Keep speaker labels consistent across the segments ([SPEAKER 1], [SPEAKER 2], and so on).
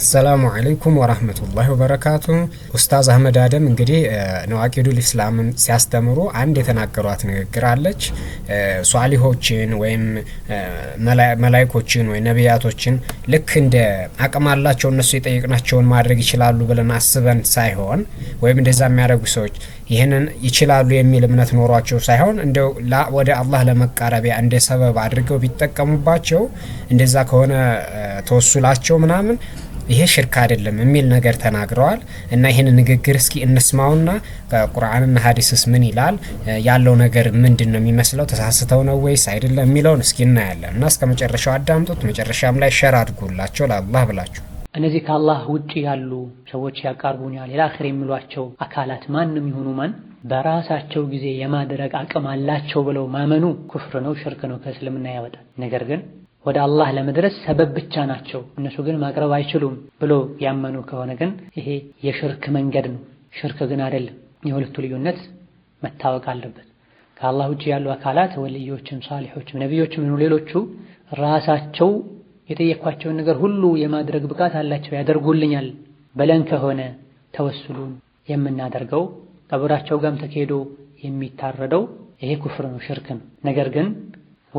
[SPEAKER 1] አሰላሙ አለይኩም ወራህመቱላሂ ወበረካቱ። ኡስታዝ አህመድ አደም እንግዲህ ነዋቂዱል ኢስላምን ሲያስተምሩ አንድ የተናገሯት ንግግር አለች። ሷሊሆችን ወይም መላይኮችን ወይም ነቢያቶችን ልክ እንደ አቅም አላቸው እነሱ የጠየቅናቸውን ማድረግ ይችላሉ ብለን አስበን ሳይሆን ወይም እንደዛ የሚያደርጉ ሰዎች ይህንን ይችላሉ የሚል እምነት ኖሯቸው ሳይሆን እንደው ወደ አላህ ለመቃረቢያ እንደ ሰበብ አድርገው ቢጠቀሙባቸው እንደዛ ከሆነ ተወሱላቸው ምናምን ይሄ ሽርክ አይደለም የሚል ነገር ተናግረዋል። እና ይህን ንግግር እስኪ እንስማውና ቁርአንና ሀዲስስ ምን ይላል ያለው ነገር ምንድን ነው የሚመስለው ተሳስተው ነው ወይስ አይደለም የሚለውን እስኪ እናያለን። እና እስከ መጨረሻው አዳምጡት። መጨረሻም ላይ ሸር አድርጉላቸው ለአላህ ብላችሁ
[SPEAKER 2] እነዚህ ከአላህ ውጭ ያሉ ሰዎች ያቃርቡኛል ሌላ የሚሏቸው አካላት ማንም ይሁኑ ማን በራሳቸው ጊዜ የማድረግ አቅም አላቸው ብለው ማመኑ ኩፍር ነው፣ ሽርክ ነው፣ ከእስልምና ያወጣል። ነገር ግን ወደ አላህ ለመድረስ ሰበብ ብቻ ናቸው እነሱ ግን ማቅረብ አይችሉም ብሎ ያመኑ ከሆነ ግን ይሄ የሽርክ መንገድ ነው። ሽርክ ግን አይደለም። የሁለቱ ልዩነት መታወቅ አለበት። ከአላህ ውጭ ያሉ አካላት ወልዮችም፣ ሳሊሖችም፣ ነቢዮችም ይሁኑ ሌሎቹ ራሳቸው የጠየኳቸውን ነገር ሁሉ የማድረግ ብቃት አላቸው ያደርጉልኛል በለን ከሆነ ተወስሉን የምናደርገው ቀብራቸው ጋም ተካሄዶ የሚታረደው ይሄ ኩፍር ነው፣ ሽርክ ነው። ነገር ግን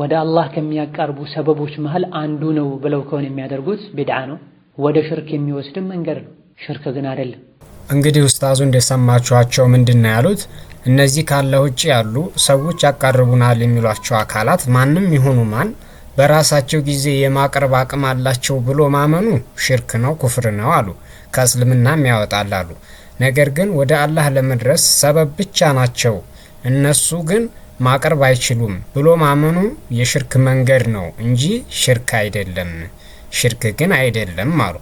[SPEAKER 2] ወደ አላህ ከሚያቀርቡ ሰበቦች መሃል አንዱ ነው ብለው ከሆነ የሚያደርጉት ቢድዓ ነው። ወደ ሽርክ የሚወስድም መንገድ ነው፣ ሽርክ ግን አይደለም።
[SPEAKER 1] እንግዲህ ኡስታዙ እንደሰማችኋቸው ምንድን ነው ያሉት? እነዚህ ካለ ውጭ ያሉ ሰዎች ያቃርቡናል የሚሏቸው አካላት ማንም ይሆኑ ማን በራሳቸው ጊዜ የማቅረብ አቅም አላቸው ብሎ ማመኑ ሽርክ ነው፣ ኩፍር ነው አሉ። ከእስልምናም ያወጣል አሉ። ነገር ግን ወደ አላህ ለመድረስ ሰበብ ብቻ ናቸው እነሱ ግን ማቅረብ አይችሉም ብሎ ማመኑ የሽርክ መንገድ ነው እንጂ ሽርክ አይደለም፣ ሽርክ ግን አይደለም አሉ።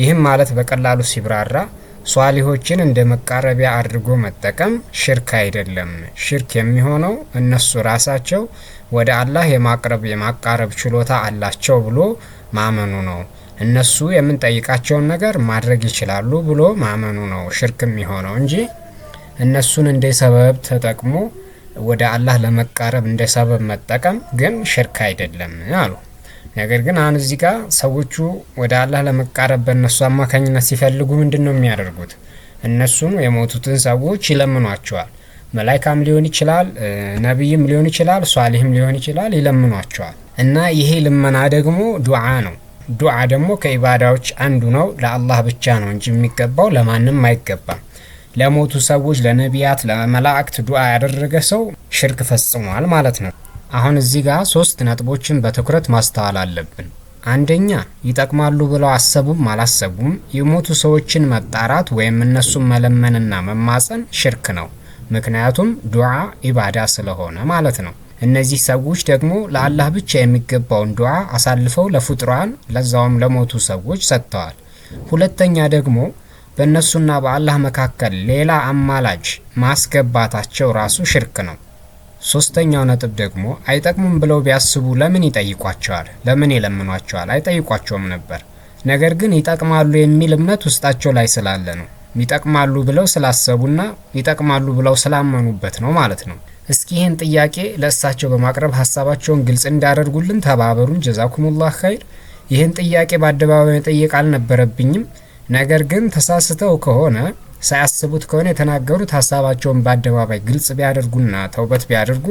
[SPEAKER 1] ይህም ማለት በቀላሉ ሲብራራ ሷሊሆችን እንደ መቃረቢያ አድርጎ መጠቀም ሽርክ አይደለም። ሽርክ የሚሆነው እነሱ ራሳቸው ወደ አላህ የማቅረብ የማቃረብ ችሎታ አላቸው ብሎ ማመኑ ነው። እነሱ የምንጠይቃቸውን ነገር ማድረግ ይችላሉ ብሎ ማመኑ ነው ሽርክ የሚሆነው እንጂ እነሱን እንደ ሰበብ ተጠቅሞ ወደ አላህ ለመቃረብ እንደ ሰበብ መጠቀም ግን ሽርክ አይደለም አሉ። ነገር ግን አሁን እዚህ ጋር ሰዎቹ ወደ አላህ ለመቃረብ በእነሱ አማካኝነት ሲፈልጉ ምንድን ነው የሚያደርጉት? እነሱም የሞቱትን ሰዎች ይለምኗቸዋል። መላይካም ሊሆን ይችላል፣ ነቢይም ሊሆን ይችላል፣ ሷሊህም ሊሆን ይችላል፣ ይለምኗቸዋል። እና ይሄ ልመና ደግሞ ዱዓ ነው። ዱዓ ደግሞ ከኢባዳዎች አንዱ ነው። ለአላህ ብቻ ነው እንጂ የሚገባው ለማንም አይገባም። ለሞቱ ሰዎች ለነቢያት፣ ለመላእክት ዱዓ ያደረገ ሰው ሽርክ ፈጽሟል ማለት ነው። አሁን እዚህ ጋር ሶስት ነጥቦችን በትኩረት ማስተዋል አለብን። አንደኛ ይጠቅማሉ ብለው አሰቡም አላሰቡም የሞቱ ሰዎችን መጣራት ወይም እነሱን መለመንና መማፀን ሽርክ ነው። ምክንያቱም ዱዓ ኢባዳ ስለሆነ ማለት ነው። እነዚህ ሰዎች ደግሞ ለአላህ ብቻ የሚገባውን ዱዓ አሳልፈው ለፍጡራን ለዛውም ለሞቱ ሰዎች ሰጥተዋል። ሁለተኛ ደግሞ በእነሱና በአላህ መካከል ሌላ አማላጅ ማስገባታቸው ራሱ ሽርክ ነው። ሶስተኛው ነጥብ ደግሞ አይጠቅሙም ብለው ቢያስቡ ለምን ይጠይቋቸዋል? ለምን ይለምኗቸዋል? አይጠይቋቸውም ነበር። ነገር ግን ይጠቅማሉ የሚል እምነት ውስጣቸው ላይ ስላለ ነው። ይጠቅማሉ ብለው ስላሰቡና ይጠቅማሉ ብለው ስላመኑበት ነው ማለት ነው። እስኪ ይህን ጥያቄ ለእሳቸው በማቅረብ ሀሳባቸውን ግልጽ እንዳደርጉልን ተባበሩን። ጀዛኩሙላህ ኸይር። ይህን ጥያቄ በአደባባይ መጠየቅ አልነበረብኝም። ነገር ግን ተሳስተው ከሆነ ሳያስቡት ከሆነ የተናገሩት ሀሳባቸውን በአደባባይ ግልጽ ቢያደርጉና ተውበት ቢያደርጉ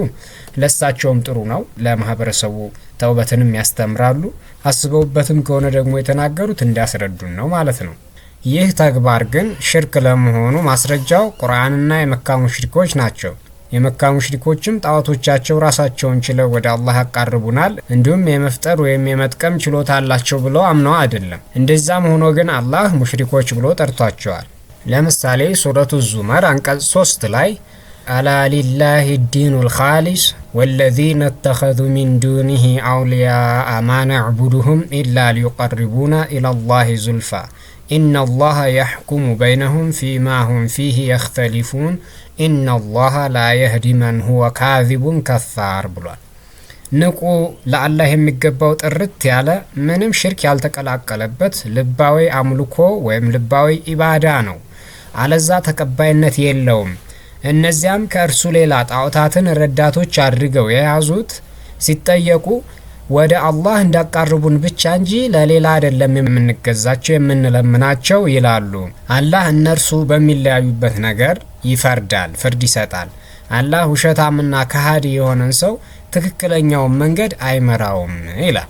[SPEAKER 1] ለሳቸውም ጥሩ ነው። ለማህበረሰቡ ተውበትንም ያስተምራሉ። አስበውበትም ከሆነ ደግሞ የተናገሩት እንዲያስረዱን ነው ማለት ነው። ይህ ተግባር ግን ሽርክ ለመሆኑ ማስረጃው ቁርአንና የመካ ሙሽሪኮች ናቸው። የመካ ሙሽሪኮችም ጣዖቶቻቸው ራሳቸውን ችለው ወደ አላህ ያቃርቡናል እንዲሁም የመፍጠር ወይም የመጥቀም ችሎታ አላቸው ብለው አምነው አይደለም። እንደዛም ሆኖ ግን አላህ ሙሽሪኮች ብሎ ጠርቷቸዋል። ለምሳሌ ሱረቱ ዙመር አንቀጽ 3 ላይ አላ ሊላህ ዲኑ ልኻሊስ ወለዚነ ተኸዙ ሚን ዱኒህ አውልያ ማ ነዕቡድሁም ኢላ ሊዩቀርቡና ኢላ ላህ ዙልፋ ኢነላሃ የሕኩሙ በይነሁም ፊማ ሁም ፊህ የኽተሊፉን ኢነላሃ ላ የህዲ መን ሁወ ካዚቡን ከፋር ብሏል። ንቁ ለአላህ የሚገባው ጥርት ያለ ምንም ሽርክ ያልተቀላቀለበት ልባዊ አምልኮ ወይም ልባዊ ኢባዳ ነው። አለዛ ተቀባይነት የለውም። እነዚያም ከእርሱ ሌላ ጣዖታትን ረዳቶች አድርገው የያዙት ሲጠየቁ ወደ አላህ እንዳቃርቡን ብቻ እንጂ ለሌላ አይደለም የምንገዛቸው የምንለምናቸው ይላሉ። አላህ እነርሱ በሚለያዩበት ነገር ይፈርዳል፣ ፍርድ ይሰጣል። አላህ ውሸታምና ከሃዲ የሆነን ሰው ትክክለኛውን መንገድ አይመራውም ይላል።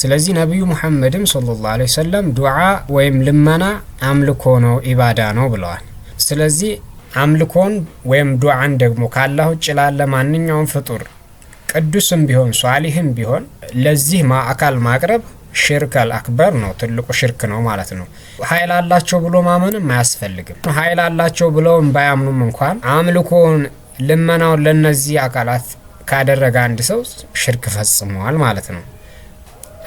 [SPEAKER 1] ስለዚህ ነቢዩ ሙሐመድም ሰለላሁ ዐለይሂ ወሰለም ዱዓ ወይም ልመና አምልኮ ነው፣ ኢባዳ ነው ብለዋል። ስለዚህ አምልኮን ወይም ዱዓን ደግሞ ካላህ ውጭ ላለ ማንኛውም ፍጡር ቅዱስም ቢሆን ሷሊህም ቢሆን ለዚህ አካል ማቅረብ ሽርክ አልአክበር ነው፣ ትልቁ ሽርክ ነው ማለት ነው። ኃይል አላቸው ብሎ ማመንም አያስፈልግም። ኃይል አላቸው ብለውም ባያምኑም እንኳን አምልኮውን፣ ልመናውን ለነዚህ አካላት ካደረገ አንድ ሰው ሽርክ ፈጽመዋል ማለት ነው።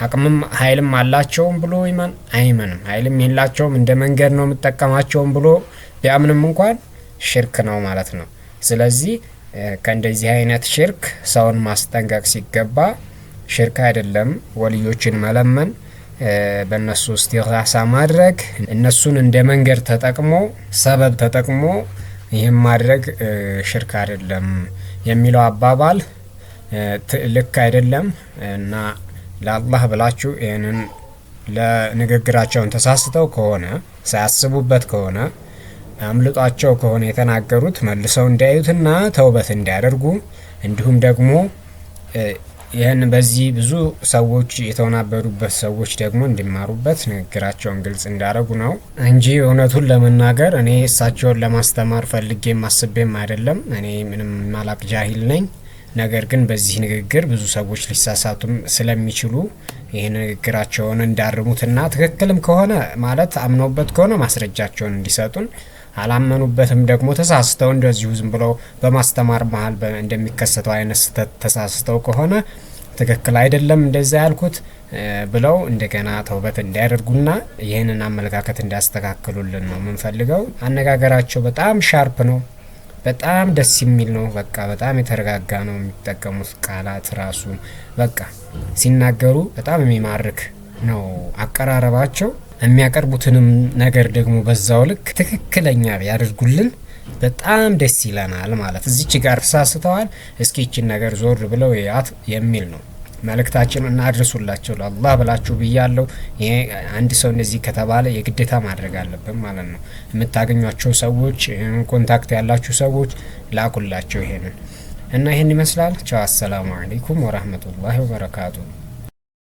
[SPEAKER 1] አቅምም ኃይልም አላቸውም ብሎ ይመን አይመንም። ኃይልም የላቸውም እንደ መንገድ ነው የምጠቀማቸውም ብሎ ቢያምንም እንኳን ሽርክ ነው ማለት ነው። ስለዚህ ከእንደዚህ አይነት ሽርክ ሰውን ማስጠንቀቅ ሲገባ ሽርክ አይደለም ወልዮችን መለመን፣ በእነሱ እስቲጋሳ ማድረግ፣ እነሱን እንደ መንገድ ተጠቅሞ ሰበብ ተጠቅሞ ይህም ማድረግ ሽርክ አይደለም የሚለው አባባል ልክ አይደለም እና ለአላህ ብላችሁ ይህንን ለንግግራቸውን ተሳስተው ከሆነ ሳያስቡበት ከሆነ አምልጧቸው ከሆነ የተናገሩት መልሰው እንዲያዩትና ተውበት እንዲያደርጉ እንዲሁም ደግሞ ይህን በዚህ ብዙ ሰዎች የተወናበዱበት ሰዎች ደግሞ እንዲማሩበት ንግግራቸውን ግልጽ እንዳደረጉ ነው እንጂ እውነቱን ለመናገር እኔ እሳቸውን ለማስተማር ፈልጌ ማስቤም አይደለም። እኔ ምንም ማላቅ ጃሂል ነኝ። ነገር ግን በዚህ ንግግር ብዙ ሰዎች ሊሳሳቱም ስለሚችሉ ይህ ንግግራቸውን እንዳርሙትና ትክክልም ከሆነ ማለት አምነውበት ከሆነ ማስረጃቸውን እንዲሰጡን አላመኑበትም ደግሞ ተሳስተው እንደዚሁ ዝም ብለው በማስተማር መሀል እንደሚከሰተው አይነት ስህተት ተሳስተው ከሆነ ትክክል አይደለም እንደዚ ያልኩት ብለው እንደገና ተውበት እንዲያደርጉና ይህንን አመለካከት እንዲያስተካክሉልን ነው የምንፈልገው። አነጋገራቸው በጣም ሻርፕ ነው፣ በጣም ደስ የሚል ነው። በቃ በጣም የተረጋጋ ነው። የሚጠቀሙት ቃላት ራሱ በቃ ሲናገሩ በጣም የሚማርክ ነው አቀራረባቸው። የሚያቀርቡትንም ነገር ደግሞ በዛው ልክ ትክክለኛ ቢያደርጉልን በጣም ደስ ይለናል። ማለት እዚች ጋር ተሳስተዋል፣ እስኪችን ነገር ዞር ብለው ያት የሚል ነው መልእክታችን እናድርሱላቸው። ለአላህ ብላችሁ ብያለሁ። ይሄ አንድ ሰው እንደዚህ ከተባለ የግዴታ ማድረግ አለብን ማለት ነው። የምታገኟቸው ሰዎች፣ ኮንታክት ያላችሁ ሰዎች ላኩላቸው ይሄንን እና ይህን ይመስላል። ቻው። አሰላሙ አለይኩም ወራህመቱላሂ ወበረካቱ